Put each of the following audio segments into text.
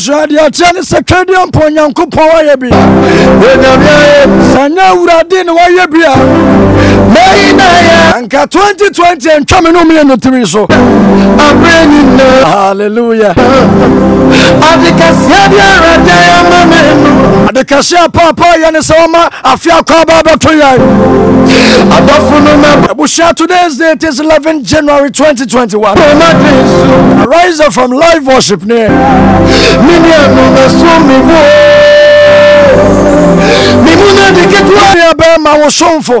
abusua deɛ ɔteɛ ne sɛ twɛdeɛ mpo onyankopɔn wayɛ bi sɛ nyɛ awurade ne wayɛ bi a Anka 2020 ntwa me no mmienu tiri so aberɛ nyinaa halleluya adekɛseɛ biara da ama me mu adekɛseɛ paapaa yɛ ne sɛ wɔma afe akɔ aba bɛto yɛe adɔfo no ma abusua today's date is 11 january 2021 arise from live worship ne meneanomasomewo memuna de ketewa bɛma wo somfo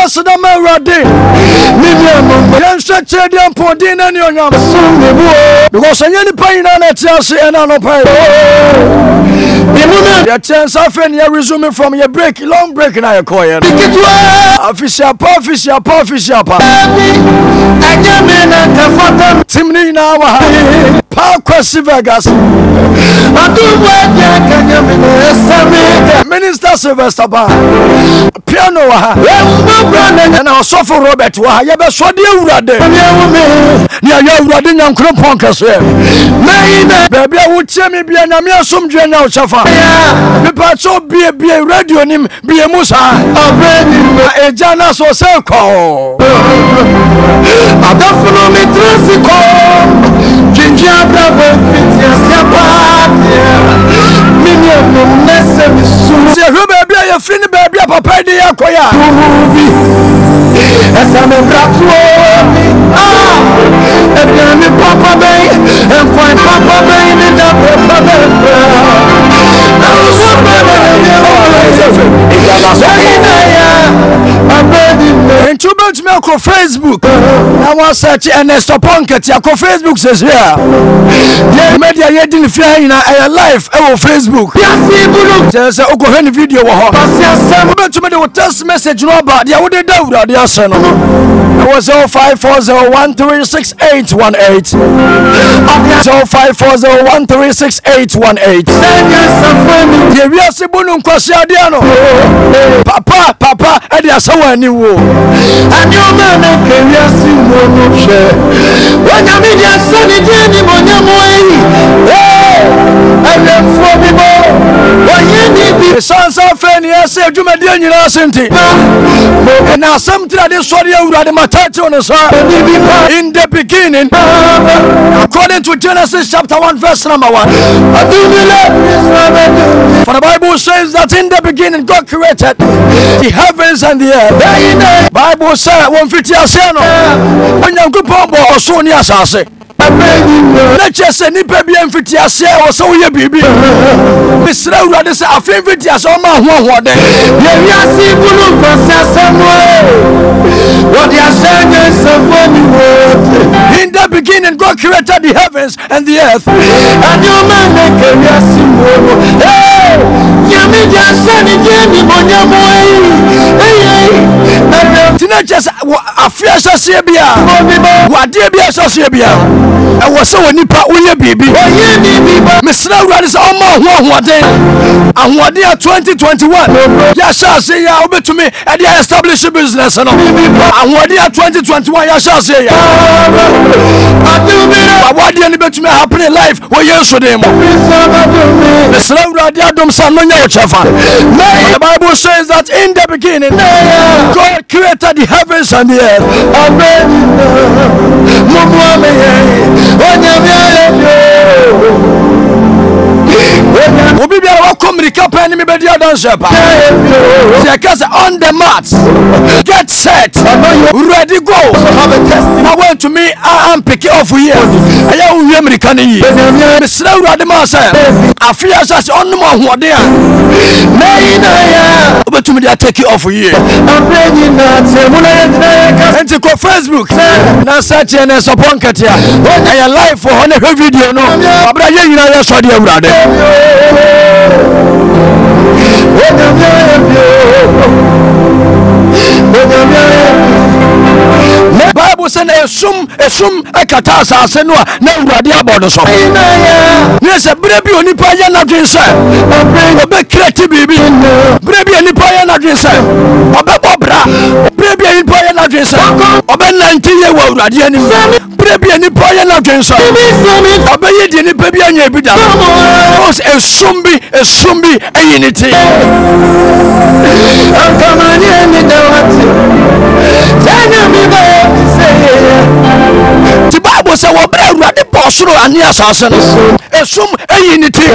wɔso dama awurade yɛnhwɛ kyerɛ deɛ mpɔden na ne onyam because ɛnyɛ nipa nyinaa na ɛte ase ɛna anɔpae yɛkyɛ nsa afei ne yɛresume from yɛ break long break na yɛkɔɔyɛ no afisiapa afisiapa afisiapa tim ne nyinaa wɔ ha paa kwasi vegas adom wɔ agya ka nyame ne ɛsɛme minista sylvester ba piano wɔ ha ɛna ɔsɔfo robert wɔ ha yɛbɛsɔ de awurade ne ɛyɛ awurade nyankoropɔn kɛseɛ baabi a wotie me bia nyame asomdwe nya wo kyɛfa mepa kyɛ obiebie radio nim bie mu saa ɛgya no sɛ kɔɔ kɔɔ dwindwi abrabɔ mfitiaseɛ paadeɛ mene yɛfiri ne baabi a papa de yɛkɔ yɛ a ɛsɛme bratoɔ aduane ah! papa bɛn nkwan papa bɛn ne da papa bɛbrɛ na wo sɛ bɛbɛyɛ ɔyɛ fɛ ɛyina yɛ nti wobɛtumi akɔ facebook uh-huh. na wɔsɛkye ɛnɛstɔpɔ nkɛte akɔ facebook sɛsie a yɛmɛdeɛ yɛdi ne fia nyina ɛyɛ live ɛwɔ facebook kyerɛ sɛ wokɔhwɛ ne video wɔ hɔ wobɛtumi de wo test message no aba deɛ wode da awurade asɛ no uh-huh or 0540136818. 0540136818. Deɛ wiase bu no nkwasi adeɛ no. Papa papa ɛde asɛ wɔ ani wo. Adeoma na kɛ wiase wo no hwɛ. Wɔnyame deɛ asɛ ne deɛ ni mo nyɛ mo ayi. nyinaa sɛ adwumadeɛ nyinaa se nti ɛna asɛm tirade sɔre awurade matatew no sa in the beginning according to genesis chapter 1 verse number 1 for the bible says that in the beginning god created the heavens and the earth bible says one fifty asiano, no onyankopɔn bɔ ɔsoro asase na kyɛ sɛ nnipa bia mfiti aseɛ wɔ sɛ woyɛ biribi mesrɛ sɛ afei mfiti aseɛ ɔma yɛwiase asɛm wɔde ahyɛ nyɛ In the beginning, God created the heavens and the earth. And your man can see Hey, Yamidia Sunny Jenny ɛwɔ sɛ wɔ nipa woyɛ biribi mesrɛ awurade sɛ ɔma ho ahoɔden ahoɔden a 2021 yɛahyɛ ase yɛ a wobɛtumi ɛde a establish business no ahoɔden a 2021 yɛahyɛ ase yɛ awɔdeɛ no bɛtumi ahapene life wɔ yesu den mu mesrɛ awurade adom sɛ no nyɛ wo kyɛfa the bible says that in the beginning uh, god created the heavens and the earth meka pɛ ne mebɛdi adanseɛ pa sɛ ɛka on the mat get set ready go na woantumi ampeke ɔfo yie ɛyɛ wowie mmirika no yie mesrɛ awurade maa sɛ afeɛ sɛ sɛ ɔnom ahoɔden a wobɛtumi de atake ɔfo yie enti kɔ facebook na sɛkyeɛ ne nsɔpɔ nketea ɛyɛ live wɔ hɔ ne hwɛ video no aberɛ yɛ nyina yɛ sɔde awurade bible sɛ na ɛsum ɛsum ɛkata asase no a na awurade abɔ no so ne sɛ berɛ bi onipa yɛ n'adwen sɛ ɔbɛkira ti biribi berɛ bi onipa yɛ n'adwen sɛ ɔbɛbɔ bra berɛ bi onipa yɛ n'adwen sɛ awurade anim berɛ bia nnipa ɔyɛ no adwensɛ ɔbɛyɛ deɛ nnipa bi anya bi da ɛsom bi ɛsom bi ayi ne te nti bible sɛ wɔberɛ awurade bɔ soro ane asase no ɛsom ayi ne te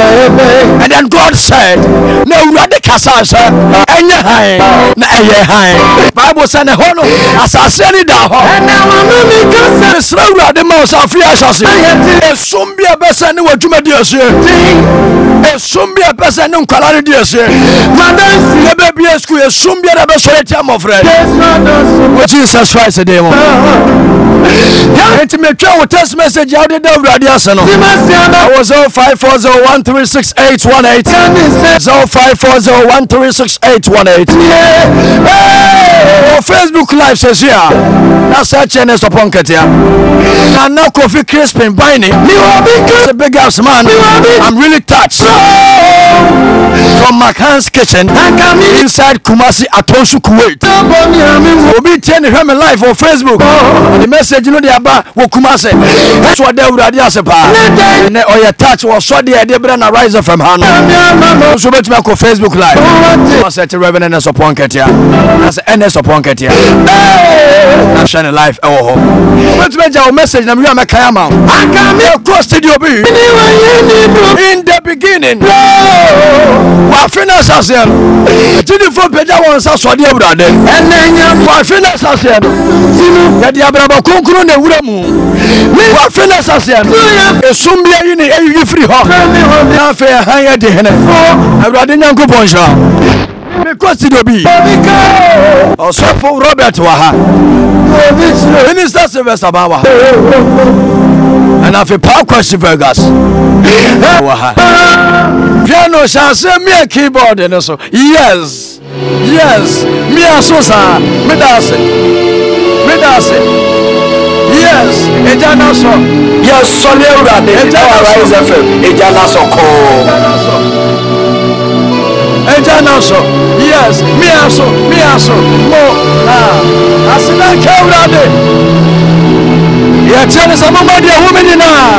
and then god said na awurade kasaa sɛ ah. ɛnyɛ hae ɛyɛ hann bible sɛ ne hɔ no asase ani da hɔ mesrɛ ma wo sɛ afei ahyɛ ɛsom bi a ɛbɛ sɛ ne w'adwuma di asie ɛsom bi a ɛbɛ ne nkwala no di asie yɛbɛbie skul ɛsom biara ɛbɛsɔre tia mmɔfrɛ jesus christ deɛ mu enti metwa wo test message a da awurade ase no 0540136818 0540136818 facebook live says here na search ns upon ketia na na kofi crispin buy me you are big the big ass man i'm really touched from Makan's kitchen inside Kumasi Atonsu Kuwait. Obi tie ne hwɛ me on Facebook. The message no de aba wɔ Kumasi. Ɛsɛ ɔda awurade ase paa. Ɛnɛ ɔyɛ touch wɔ sɔ deɛ ɛde brɛ na rise fam ha no. Nso bɛtumi akɔ Facebook live. Ɔsɛ ti Reverend Ernest Opon Ketia. Ɛnɛ Ernest Opon Ketia nahyɛ life, live ɛwɔ hɔ wobɛtumi agya wo message na mewi a mɛkae ama wo akame studio bi in the beginning wafe no asaseɛ no agyinifoɔ pagya wɔ nsa sɔde awurade wafe no asaseɛ no yɛde abrabɔ kronkron na ɛwura mu wafe no asaseɛ no ɛsom bi ayi ne ɛyiyi firi hɔ na afei ɛhan yɛde hene awurade nyankopɔn hyira mekɔsidobi ɔsɔfo oh, robert wɔ ha minister sylvester ba wɔ ha ɛna afei paa kwasi vegas wɔ Piano, shall hyɛ me a keyboard ne so yes yes Me a saa meda ase meda ase yes ẹja náà sọ. yẹ sọ ní ewúrẹ́ àdé ẹja náà sọ ẹja sọ kọ́. ẹja náà sọ yes mi àsọ mi àsọ mo àsìlẹ̀ nkẹ́wúrẹ́dẹ yẹtí ẹni sọ mọ́mọ́ di ẹ̀wọ́ mi nyinaa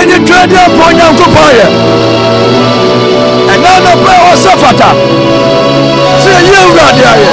ẹni tó ẹni ẹ̀pọ̀ nyankopọ̀ yẹ ẹ̀nà ọ̀nà pẹ́ ọ̀sẹ̀ fata sí ẹ̀yẹ ewúrẹ́dẹ ayẹ.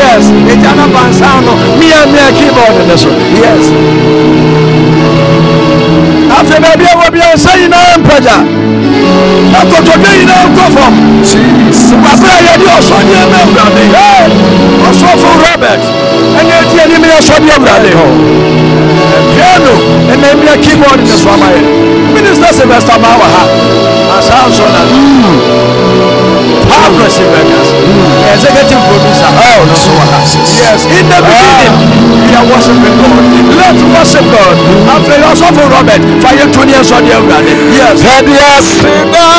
yes ɛgya na bansa mia mia keyboard ne so yes afei baabi a wɔ bia nsa nyinaa mpagya na kotodwe nyinaa nkɔ fam wabrɛ a yɛde ɔsɔdeɛ ma awurade ɔsɔfo robert ɛne ɛti anim yɛ sɔdeɛ awurade hɔ piano me mmia keyboard ne so ama minister sylvester ma wɔ ha na are blessing workers. Mm. Executive producer. Oh, no. Yes, in the ah. beginning, ah. we are worshiping God. Let's worship God. philosopher Robert. 20 years on your Yes. yes. Arise,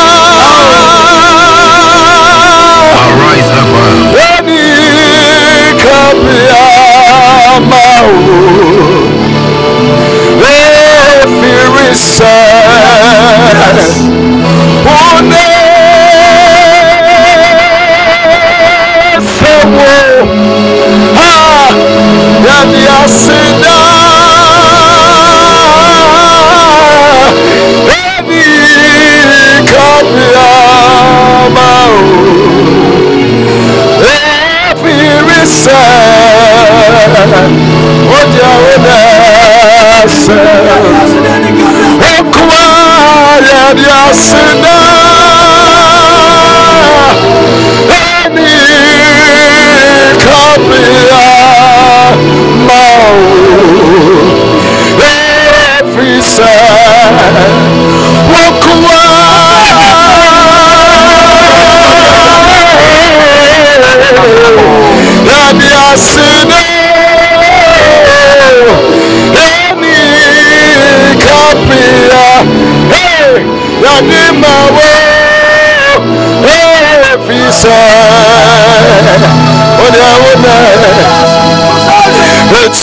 Ah, let me see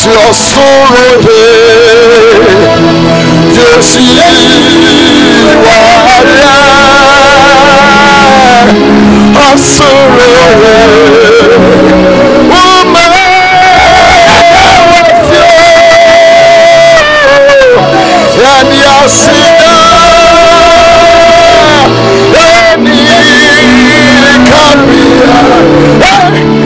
your sorrow you are a sorrow Woman with you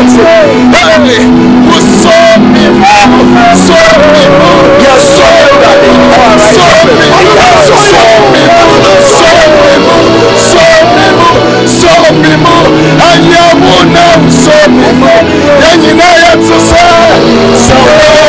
mighty, heavenly, who so before, so before, yes, so that you are so before, so before, so before, so before, so before, and you will now so before, then you know you have to say,